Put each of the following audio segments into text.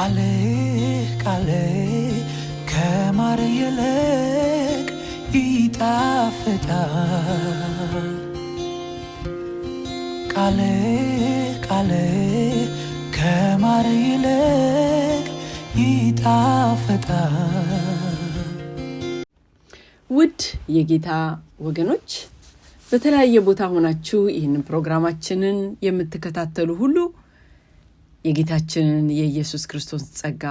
ቃሌ ቃሌ ከማር ይልቅ ይጣፍጣል። ቃሌ ቃሌ ከማር ይልቅ ይጣፍጣል። ውድ የጌታ ወገኖች በተለያየ ቦታ ሆናችሁ ይህንን ፕሮግራማችንን የምትከታተሉ ሁሉ የጌታችንን የኢየሱስ ክርስቶስ ጸጋ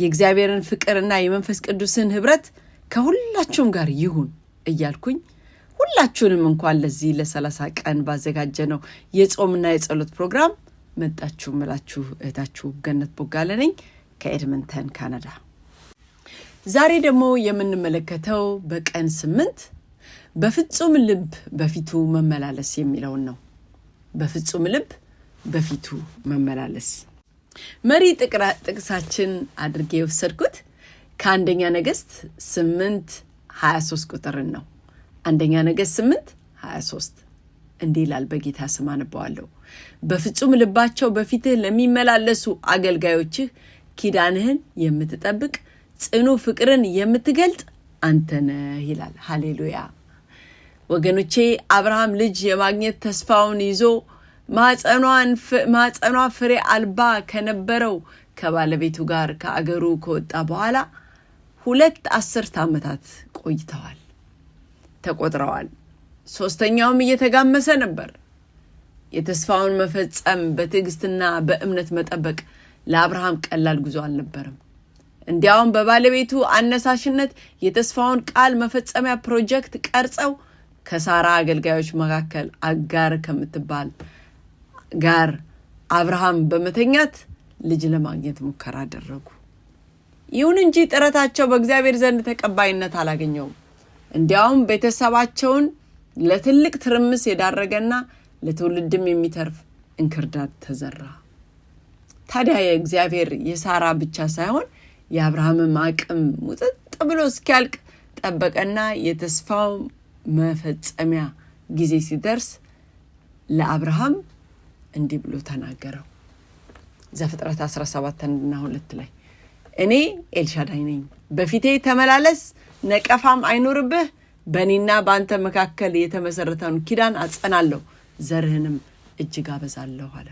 የእግዚአብሔርን ፍቅርና የመንፈስ ቅዱስን ህብረት ከሁላችሁም ጋር ይሁን እያልኩኝ ሁላችሁንም እንኳን ለዚህ ለሰላሳ ቀን ባዘጋጀ ነው የጾምና የጸሎት ፕሮግራም መጣችሁ ምላችሁ እህታችሁ ገነት ቦጋለ ነኝ ከኤድመንተን ካናዳ። ዛሬ ደግሞ የምንመለከተው በቀን ስምንት በፍጹም ልብ በፊቱ መመላለስ የሚለውን ነው። በፍጹም ልብ በፊቱ መመላለስ መሪ ጥቅሳችን አድርጌ የወሰድኩት ከአንደኛ ነገስት ስምንት 23 ቁጥርን ነው። አንደኛ ነገስት ስምንት 23 እንዲህ ይላል። በጌታ ስም አነባዋለሁ። በፍጹም ልባቸው በፊትህ ለሚመላለሱ አገልጋዮችህ ኪዳንህን የምትጠብቅ ጽኑ ፍቅርን የምትገልጥ አንተ ነህ ይላል። ሀሌሉያ ወገኖቼ አብርሃም ልጅ የማግኘት ተስፋውን ይዞ ማጸኗ ፍሬ አልባ ከነበረው ከባለቤቱ ጋር ከአገሩ ከወጣ በኋላ ሁለት አስርት ዓመታት ቆይተዋል ተቆጥረዋል። ሶስተኛውም እየተጋመሰ ነበር። የተስፋውን መፈጸም በትዕግስትና በእምነት መጠበቅ ለአብርሃም ቀላል ጉዞ አልነበረም። እንዲያውም በባለቤቱ አነሳሽነት የተስፋውን ቃል መፈጸሚያ ፕሮጀክት ቀርጸው ከሳራ አገልጋዮች መካከል አጋር ከምትባል ጋር አብርሃም በመተኛት ልጅ ለማግኘት ሙከራ አደረጉ። ይሁን እንጂ ጥረታቸው በእግዚአብሔር ዘንድ ተቀባይነት አላገኘውም። እንዲያውም ቤተሰባቸውን ለትልቅ ትርምስ የዳረገና ለትውልድም የሚተርፍ እንክርዳድ ተዘራ። ታዲያ የእግዚአብሔር የሳራ ብቻ ሳይሆን የአብርሃምም አቅም ሙጥጥ ብሎ እስኪያልቅ ጠበቀና የተስፋው መፈጸሚያ ጊዜ ሲደርስ ለአብርሃም እንዲህ ብሎ ተናገረው። ዘፍጥረት 17 እና ሁለት ላይ እኔ ኤልሻዳይ ነኝ፣ በፊቴ ተመላለስ፣ ነቀፋም አይኖርብህ፣ በእኔና በአንተ መካከል የተመሰረተውን ኪዳን አጸናለሁ፣ ዘርህንም እጅግ አበዛለሁ አለ።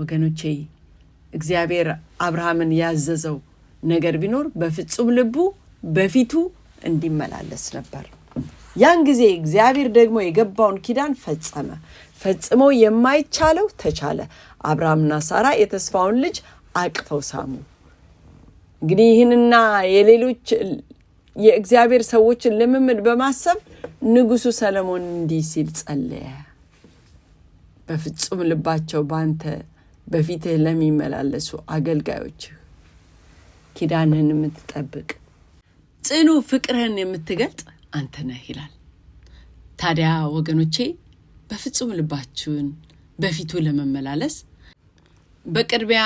ወገኖቼ እግዚአብሔር አብርሃምን ያዘዘው ነገር ቢኖር በፍጹም ልቡ በፊቱ እንዲመላለስ ነበር። ያን ጊዜ እግዚአብሔር ደግሞ የገባውን ኪዳን ፈጸመ። ፈጽሞ የማይቻለው ተቻለ። አብርሃምና ሳራ የተስፋውን ልጅ አቅፈው ሳሙ። እንግዲህ ይህንና የሌሎች የእግዚአብሔር ሰዎችን ልምምድ በማሰብ ንጉሱ ሰለሞን እንዲህ ሲል ጸለየ። በፍጹም ልባቸው በአንተ በፊትህ ለሚመላለሱ አገልጋዮችህ ኪዳንህን የምትጠብቅ ጽኑ ፍቅርህን የምትገልጥ አንተ ነህ ይላል። ታዲያ ወገኖቼ በፍጹም ልባችሁን በፊቱ ለመመላለስ በቅርቢያ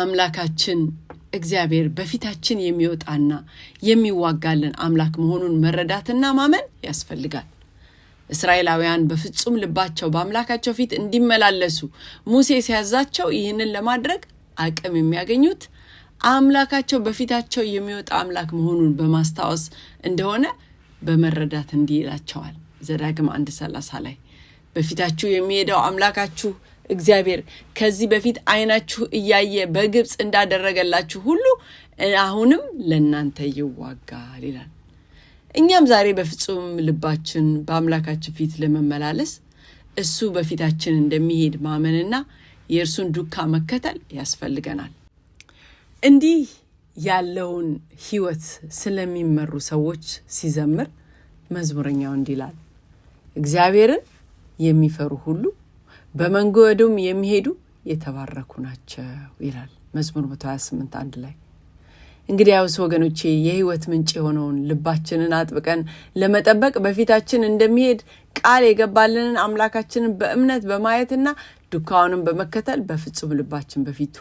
አምላካችን እግዚአብሔር በፊታችን የሚወጣና የሚዋጋልን አምላክ መሆኑን መረዳትና ማመን ያስፈልጋል። እስራኤላውያን በፍጹም ልባቸው በአምላካቸው ፊት እንዲመላለሱ ሙሴ ሲያዛቸው ይህንን ለማድረግ አቅም የሚያገኙት አምላካቸው በፊታቸው የሚወጣ አምላክ መሆኑን በማስታወስ እንደሆነ በመረዳት እንዲላቸዋል። ዘዳግም አንድ ሰላሳ ላይ በፊታችሁ የሚሄደው አምላካችሁ እግዚአብሔር ከዚህ በፊት ዓይናችሁ እያየ በግብፅ እንዳደረገላችሁ ሁሉ አሁንም ለእናንተ ይዋጋል ይላል። እኛም ዛሬ በፍጹም ልባችን በአምላካችን ፊት ለመመላለስ እሱ በፊታችን እንደሚሄድ ማመንና የእርሱን ዱካ መከተል ያስፈልገናል። እንዲህ ያለውን ሕይወት ስለሚመሩ ሰዎች ሲዘምር መዝሙረኛው እንዲህ ይላል እግዚአብሔርን የሚፈሩ ሁሉ በመንገዱም የሚሄዱ የተባረኩ ናቸው ይላል መዝሙር 128 አንድ ላይ። እንግዲያውስ ወገኖቼ የህይወት ምንጭ የሆነውን ልባችንን አጥብቀን ለመጠበቅ በፊታችን እንደሚሄድ ቃል የገባልንን አምላካችንን በእምነት በማየትና ዱካውንም በመከተል በፍጹም ልባችን በፊቱ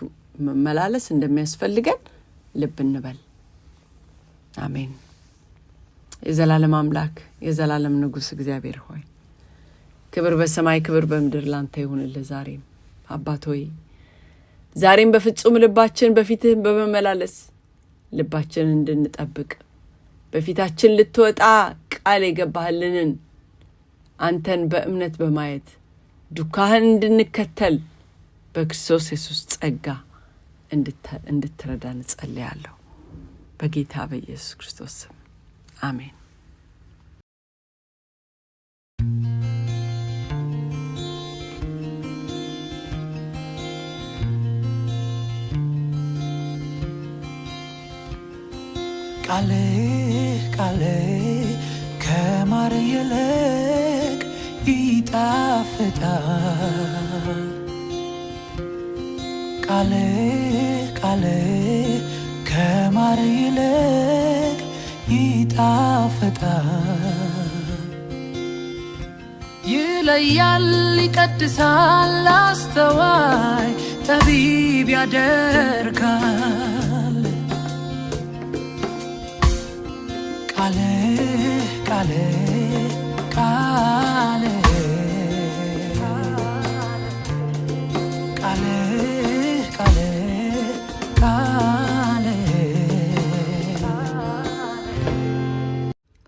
መመላለስ እንደሚያስፈልገን ልብ እንበል። አሜን። የዘላለም አምላክ የዘላለም ንጉሥ እግዚአብሔር ሆይ ክብር በሰማይ ክብር በምድር ላንተ ይሁንልህ። ዛሬም አባት ሆይ ዛሬም በፍጹም ልባችን በፊትህ በመመላለስ ልባችን እንድንጠብቅ በፊታችን ልትወጣ ቃል የገባህልንን አንተን በእምነት በማየት ዱካህን እንድንከተል በክርስቶስ የሱስ ጸጋ እንድትረዳ እንጸለያለሁ። በጌታ በኢየሱስ ክርስቶስ ስም አሜን። ቃሌ ቃሌ ከማር ይልቅ ይጣፍጣል። ቃሌ ቃሌ ከማር ይልቅ ይጣፍጣል። ይለያል፣ ይቀድሳል፣ አስተዋይ ጠቢብ ያደ